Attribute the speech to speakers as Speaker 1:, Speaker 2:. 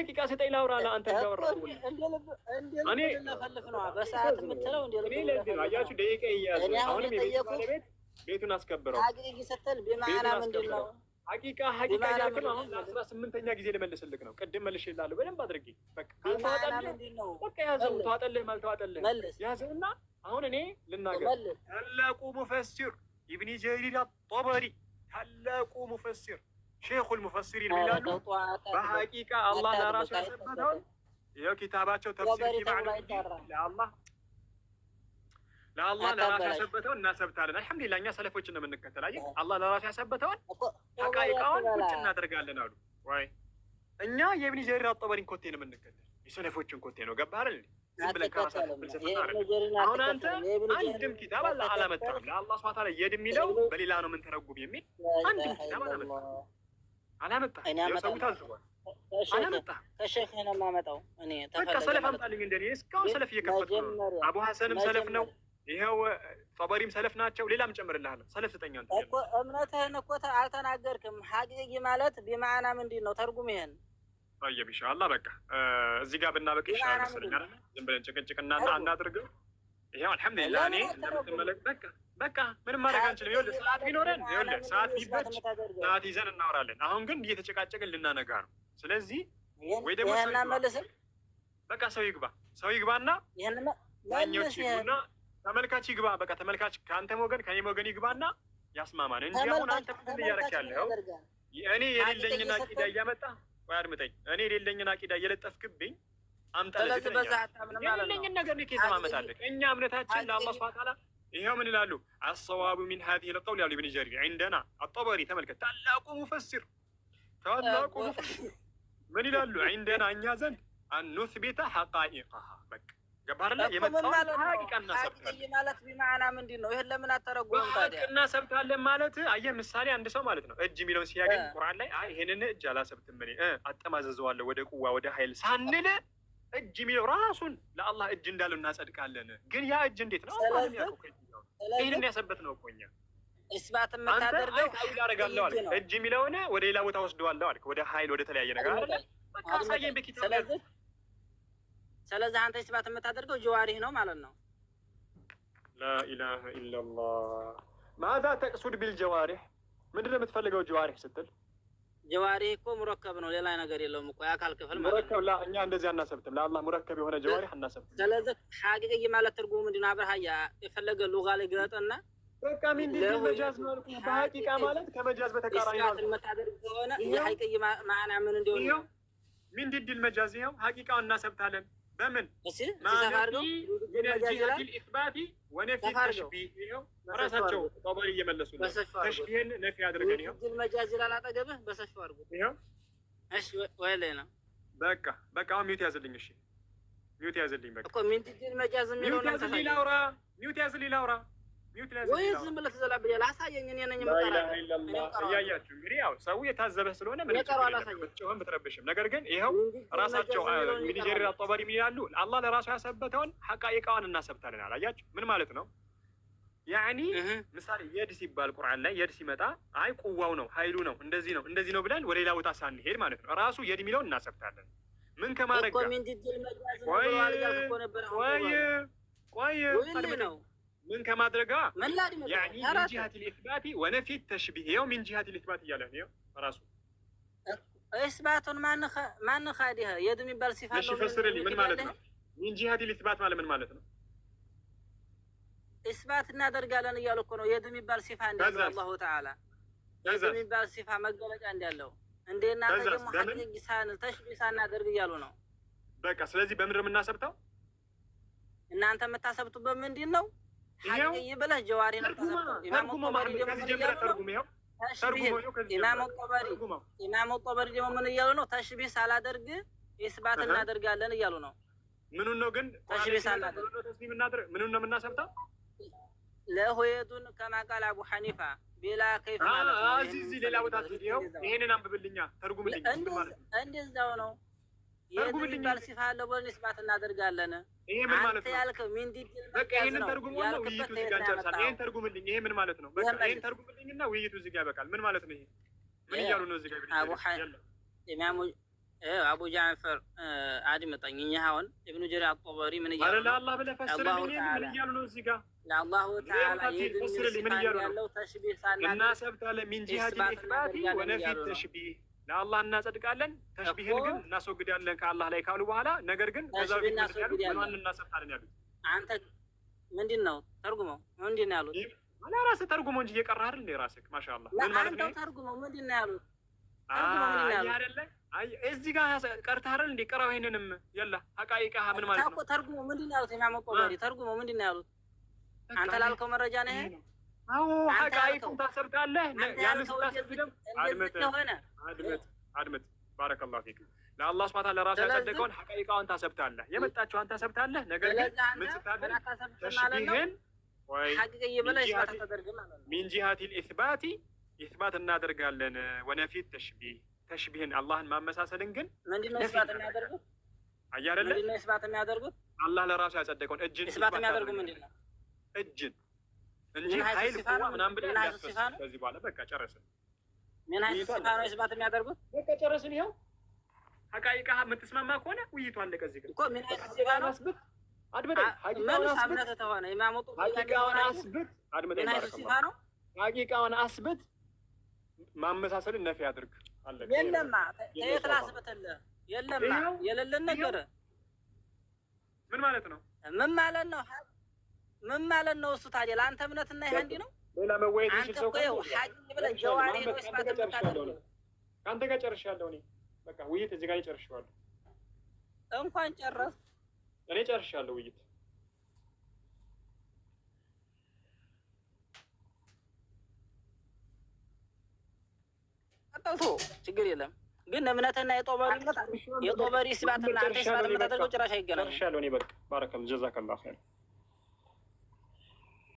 Speaker 1: አንድ ደቂቃ ስጠኝ ላውራ። ለአንተ
Speaker 2: ደቂቃ እያያዙ ቤቱን አስከብረው ሀቂቃ ሀቂቃ እያልክም አሁን ለአስራ ስምንተኛ ጊዜ ልመልስልክ ነው። ቅድም መልሽ በደንብ አድርጌ በቃ ያዘው ተዋጠልህ ማልተዋጠልህ ያዘው አሁን እኔ ልናገር ታላቁ ሙፈሲር ኢብኒ ጀሪር ጦበሪ ታላቁ ሙፈሲር ሼኹል ሙፈሲሪን ይላሉ። በሐቂቃ አላህ ለራሱ ያሰበተውን ይኸው ኪታባቸው ተፍሲር ለአላህ ለአላህ ለራሱ ያሰበተውን እናሰብታለን። አልሐምዱሊላህ እኛ ሰለፎችን ነው የምንከተል። አየህ አላህ ለራሱ ያሰበተውን ሐቃይቃውን ቁጭ እናደርጋለን አሉ። ወይ እኛ የኢብኒ ጀሪር አጠበሪን ኮቴ ነው የምንከተል። የሰለፎችን ኮቴ ነው። ገባህ አይደል? ዝም ብለን ከራሳችን አሁን አንተ አንድም ኪታብ አላመጣም። ለአላህ ስብሐ ወተዓላ የድ የሚለው በሌላ ነው የምንተረጉም የሚል አንድም ኪታብ አላመጣም። አላመጣም። ሰው ታዝቧል። ከሸህ ነው የማመጣው አቡ ሀሰንም ሰለፍ ነው። ይኸው ጠበሪም ሰለፍ ናቸው። ሌላም ጨምርልሃለሁ። ሰለፍ ስጠኛ እኮ እምነትህን እኮ አልተናገርክም። ሀቂቂ ማለት ቢማዕና ምንድን ነው? ተርጉም ይሄን ጠየብ ይሻላ። በቃ እዚህ ጋር ብናበቅ ይሻላል መሰለኝ። ዝም ብለን ጭቅጭቅ እናድርገው። ይኸው አልሐምዱሊላህ እኔ እንደምትመለቅ በቃ በቃ ምንም ማድረግ አንችልም። ይኸውልህ ሰዓት ቢኖረን ይኸውልህ ሰዓት ቢበጅ ሰዓት ይዘን እናወራለን። አሁን ግን እየተጨቃጨቅን ልናነጋ ነው። ስለዚህ ወይ ደግሞ በቃ ሰው ይግባ ሰው ይግባና ዳኞች ይግቡና ተመልካች ይግባ። በቃ ተመልካች ከአንተም ወገን ከኔም ወገን ይግባና ያስማማን እንጂ አሁን አንተ ምንድን እያደረክ ያለኸው እኔ የሌለኝን አቂዳ እያመጣ ወይ አድምጠኝ፣ እኔ የሌለኝን አቂዳ እየለጠፍክብኝ አምጣ። አምጣለህ። የሌለኝን ነገር እኔ ከየት ማመጣለህ? እኛ እምነታችን ለአላህ ስብሐ ወተዓላ ይኸው ምን ይላሉ? አሰዋቡ ሚን ሀዚህ ለቀውል ያሉ ብን ጀሪር ዒንደና አጠበሪ ተመልከት፣ ታላቁ ሙፈሲር ታላቁ ሙፈሲር ምን ይላሉ? ዒንደና እኛ ዘንድ አኑስቤታ ሐቃኢቃሃ በቃ ገባርላ የመጣውን ሐቂቃ ማለት ቢማዕና ምሳሌ አንድ ሰው ማለት ነው እጅ የሚለውን ሲያገኝ ቁርአን ላይ ይህንን እጅ አላሰብትም እኔ አጠማዘዘዋለሁ ወደ ቁዋ ወደ ኃይል ሳንል እጅ የሚለው ራሱን ለአላህ እጅ እንዳለው እናጸድቃለን። ግን ያ እጅ እንዴት ነው? ይህንን ያሰበት ነው እኮ እኛ ኢስባት የምታደርገው ሀይል አደርጋለሁ አለ። እጅ የሚለውን ወደ ሌላ ቦታ ወስደዋለሁ አልክ፣ ወደ ሀይል ወደ ተለያየ ነገር አለ። በቃ አሳየኝ በኪታብ። ስለዚህ አንተ እስባት የምታደርገው ጀዋሪህ ነው ማለት ነው። ላኢላሀ ኢላላህ ማዛ ተቅሱድ ቢል ጀዋሪህ ምንድን ነው የምትፈልገው ጀዋሪህ ስትል ጀዋሪ እኮ ሙረከብ ነው፣ ሌላ ነገር የለውም እኮ የአካል ክፍል ማለት ነው። እኛ እንደዚህ አናሰብትም፣ ለአላህ ሙረከብ የሆነ ጀዋሪ አናሰብትም። ስለዚህ ሐቂቅይ ማለት ትርጉሙ ምንድን ነው? አብርሃያ የፈለገ ሉጋ ላይ ግለጥና በቃ ምንድን ነው መጃዝ ማለት ነው። በሐቂቃ ማለት ከመጃዝ በተቃራኒ ነው። እስካት ከሆነ የሐቂቅይ ማዕና ምን እንደሆነ ምንድን ድል መጃዝ ይኸው ሐቂቃ እናሰብታለን በምን ኢስባቲ ወነፊ ተሽቢህ ራሳቸው ጦበሪ እየመለሱ ነው። ተሽቢህን ነፊ አድርገን ይኸው መጃዝ ይላል አጠገብህ በሰፊው አድርጎ እሺ ወይ ላይ በቃ በቃ አሁን ሚውት ያዝልኝ። እሺ ሚውት ያዝልኝ። በቃ እኮ ሚውት ያዝልኝ። ላውራ ሚውት ያዝልኝ። ላውራ ሰው የታዘበ ስለሆነ ምንም ብትረብሽም፣ ነገር ግን ይኸው ራሳቸው እንግዲህ ጀሪር አጣባሪ ምን ይላሉ? አላህ ለራሱ ያሰበተውን ሐቃይቃዋን እናሰብታለን። አላያችሁ ምን ማለት ነው? ያኒ ምሳሌ የድ ሲባል ቁርአን ላይ የድ ሲመጣ አይ ቁዋው ነው ኃይሉ ነው እንደዚህ ነው እንደዚህ ነው ብለን ወደ ሌላ ቦታ ሳንሄድ ማለት ነው ራሱ የድ የሚለውን እናሰብታለን። ምን ከማድረግ ቆይ ቆይ ምን ከማድረጋ ሚን ጂሀት ልኢስባቲ ወነፊ ተሽቢህ ው ሚን ጂሀት ልኢስባት እያለ ነው ራሱ እስባቱን ማን ካዲህ የዱ የሚባል ሲፋ ፈስርልኝ። ምን ማለት ነው? ሚን ጂሀት ልኢስባት ማለት ምን ማለት ነው? እስባት እናደርጋለን እያሉ እኮ ነው። የዱ የሚባል ሲፋ እንዳለው አላሁ ተዓላ የዱ የሚባል ሲፋ መገለጫ እንዳለው እንደ እናንተ ደግሞ ሀቂቅ ተሽቢህ ሳናደርግ እያሉ ነው። በቃ ስለዚህ በምድር የምናሰብተው እናንተ የምታሰብቱበት ምንድን ነው? ብለህ ጀዋሪ ነው ኢማም ቆበሪ ደግሞ ምን እያሉ ነው? ተሽቢህ ሳላደርግ ኢስባት እናደርጋለን እያሉ ነው። ምኑን ነው ግን ተሽቢህ ሳላደርግ ምኑን ነው የምናሰብተው? ለሆየዱን ከማቃል አቡ ሐኒፋ ቤላ ከይፍ ማለት ነው። ሌላ ቦታ ይሄንን አንብብልኛ ተርጉምልኝ። እንደዛው ነው ተርጉምልኝ ባል ሲፋ አለ ወል ንስባት እናደርጋለን። ይሄ ምን ማለት ነው? ያልከው ምን ዲድ በቃ ይሄን ተርጉም ነው። ውይይቱ እዚህ ጋር ጨርሳል። ይሄን ተርጉምልኝ። ይሄ ምን ማለት ነው? በቃ ይሄን ተርጉምልኝና ውይይቱ እዚህ ጋር ይበቃል። ምን ማለት ነው? ይሄ ምን እያሉ ነው? እዚህ ጋር አቡ ሐን ኢማሙ አቡ ጃዕፈር አድምጠኝ። እኛ አሁን ኢብኑ ጀሪር አጠበሪ ምን እያሉ ነው? አላህ ብለህ ፈስርልኝ። ምን እያሉ ነው? እዚህ ጋር ለአላሁ ተዓላ ይድን ያለው ተሽቢህ ሳናና እና ሰብታለ ሚን ጂሃድ ኢክባቲ ወነፊ ተሽቢህ ለአላህ እናጸድቃለን፣ ተሽቢህን ግን እናስወግዳለን ከአላህ ላይ ካሉ በኋላ ነገር ግን ከዛ በፊት ያሉት እናሰጣለን ያሉት አንተ ምንድን ነው ተርጉመው ምንድን ነው ያሉት? አላ ራስህ ተርጉመው እንጂ እየቀረህ አይደል እንዴ ራስህ? ማሻአላህ ምን ማለት ነው? ተርጉመው ምንድን ነው ያሉት? እዚህ ጋር ቀርተህ አይደል እንዴ? ቅራው ይሄንንም የላ አቃይቃ ምን ማለት ነው? ተርጉመው ምንድን ነው ያሉት? የሚያመቆ ቆበሪ ተርጉመው ምንድን ነው ያሉት? አንተ ላልከው መረጃ ነው ይሄ። አዎ አቃይቁን ያንስ ያንን ደም ደግሞ አድመጥ አድምጥ አድምጥ ባረከላሁ ፊክ ለአላህ ስብሐ ወተዓላ ራሱ ያጸደቀውን ሐቂቃውን ታሰብታለህ። የመጣችውን ታሰብታለህ። ነገር ግን ምን ስታደርግ ተሽቢህን ሚን ጂሃቲል ኢስባቲ ኢስባት እናደርጋለን። ወነፊት ተሽቢህ ተሽቢህን አላህን ማመሳሰልን ግን ምንድን ነው የሚያደርጉት? የሚያደርጉት? አላህ ለራሱ ያጸደቀውን እጅን ምንድን ነው? እጅን እንጂ ምናምን ብለህ ከዚህ በኋላ በቃ ጨረስን። ምን አይነት ስብሀት የሚያደርጉት ጨረስን። ይኸው ሀቃይቃ የምትስማማ ከሆነ ውይይቱ አለቀ። እዚህ ግን ምን አይነት ነው? ሀቂቃውን አስብት፣ ማመሳሰልን ምን ማለት ነው? ምን ማለት ነው? ምን ማለት ነው? እሱ ታዲያ ለአንተ እምነትና ይህ አንድ ነው። ሌላ መወያየት የሚችል ሰው ከአንተ ጋር ጨርሻለሁ። እኔ በቃ ውይይት እዚህ ጋር ጨርሻለሁ። እንኳን ጨረስ እኔ ጨርሻለሁ ውይይት ቀጠልቶ ችግር የለም ግን እምነትና የጦበሪ ስባትና አንተ ስባት የምታደርገው ጭራሽ አይገናኝም። ጨርሻለሁ እኔ በቃ ባረከም ጀዛከላሁ ኸይር